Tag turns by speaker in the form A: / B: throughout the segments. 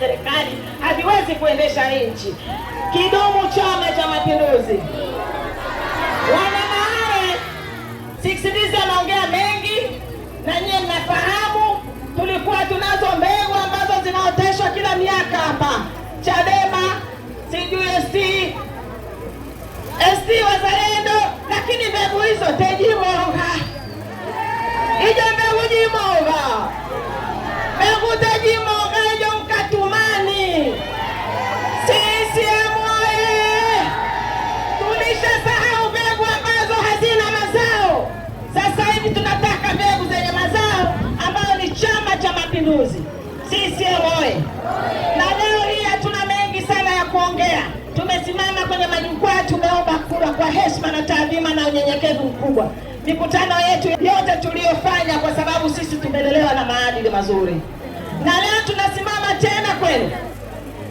A: serikali haviwezi kuendesha nchi. Kidumu Chama cha Mapinduzi! Wana Mahae, Sixdizi anaongea mengi na nyie mnafahamu, tulikuwa tunazo mbegu ambazo zinaoteshwa kila miaka hapa, Chadema sijui ST ST wazale Mapinduzi, Sisi oye! Na leo hii hatuna mengi sana ya kuongea, tumesimama kwenye majukwaa, tumeomba kura kwa heshima na taadhima na unyenyekevu mkubwa. Mikutano yetu yote tuliyofanya, kwa sababu sisi tumelelewa na maadili mazuri, na leo tunasimama tena kweli,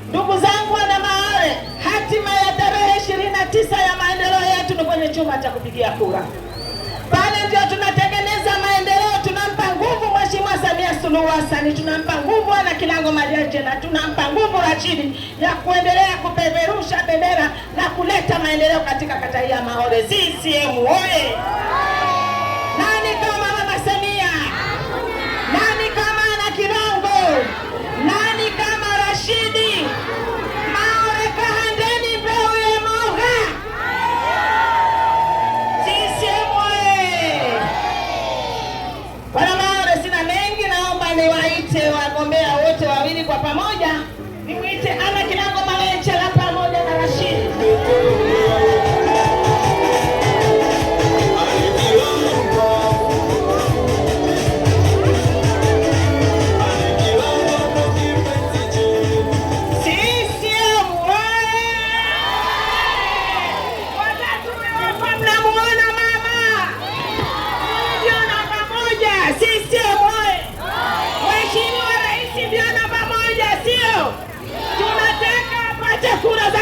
A: ndugu zangu wana Mahawe, hatima ya tarehe ishirini na tisa ya maendeleo yetu ni kwenye chuma cha kupigia kura pale, ndio tunatega Samia Suluhu Hassan tunampa nguvu ana Kilango na tunampa nguvu Rashidi ya kuendelea kupeperusha bendera na kuleta maendeleo katika kata hii ya Mahore. CCM oye!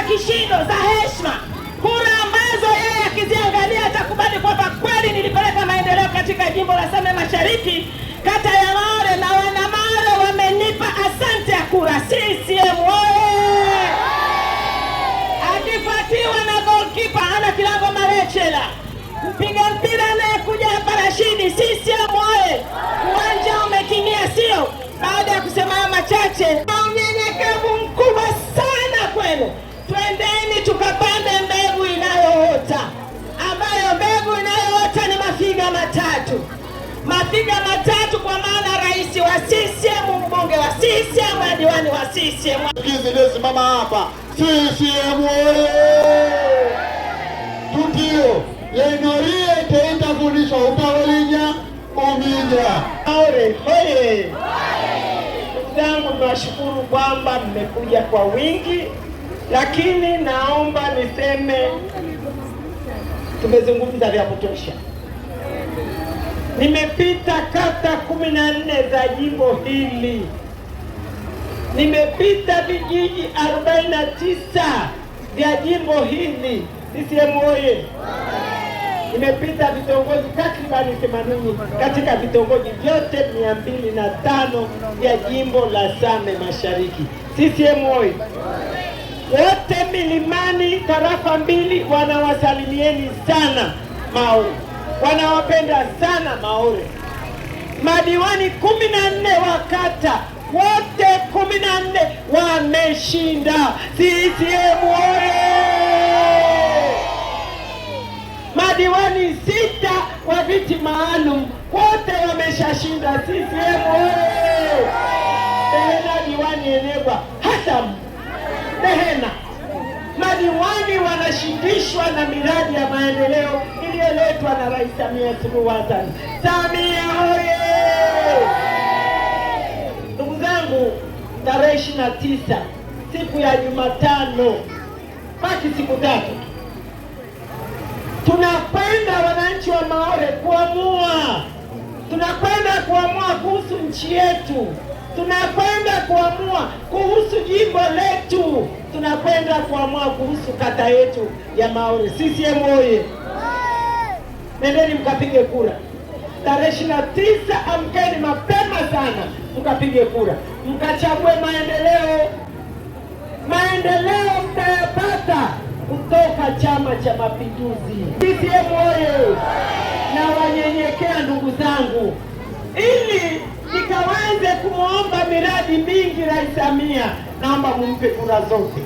A: kishindo za heshima, kura ambazo yeye akiziangalia atakubali kwamba kweli nilipeleka maendeleo katika jimbo la Same Mashariki, kata ya tunapiga matatu, kwa maana rais wa CCM, mbunge wa CCM diwani wa CCM.
B: simama hapa CCM tukio yenorie lile teitafundishwa utawalinya umija ore hoye zangu. nashukuru kwamba mmekuja kwa wingi, lakini naomba niseme tumezungumza vya kutosha. Nimepita kata kumi na nne za jimbo hili, nimepita vijiji arobaini na tisa vya jimbo hili CCM oye! Nimepita vitongoji takribani themanini katika vitongoji vyote mia mbili na tano vya jimbo la Same Mashariki CCM oye! Wote milimani tarafa mbili, wanawasalimieni sana Mau wanawapenda sana Maore. Madiwani kumi na nne wa kata wote kumi na nne wameshinda CCM oye! Madiwani sita wa viti maalum wote wameshashinda CCM oye! Dehena diwani Enegwa hatamu Dehena, madiwani wanashindishwa na miradi ya maendeleo iliyoletwa na Rais Samia Suluhu Hassan. Samia oye! Ndugu zangu, tarehe ishirini na tisa siku ya Jumatano, baki siku tatu, tunakwenda wananchi wa Maore kuamua, tunakwenda kuamua kuhusu nchi yetu, tunakwenda kuamua kuhusu jimbo letu, tunakwenda kuamua kuhusu kata yetu ya Maore. CCM oye! nendeni mkapige kura tarehe ishirini na tisa. Amkeni mapema sana mkapige kura, mkachague maendeleo. Maendeleo mtayapata kutoka Chama cha Mapinduzi, CCM oye! Na wanyenyekea ndugu zangu, ili nikaweze kumwomba miradi mingi Rais Samia, naomba mumpe kura zote.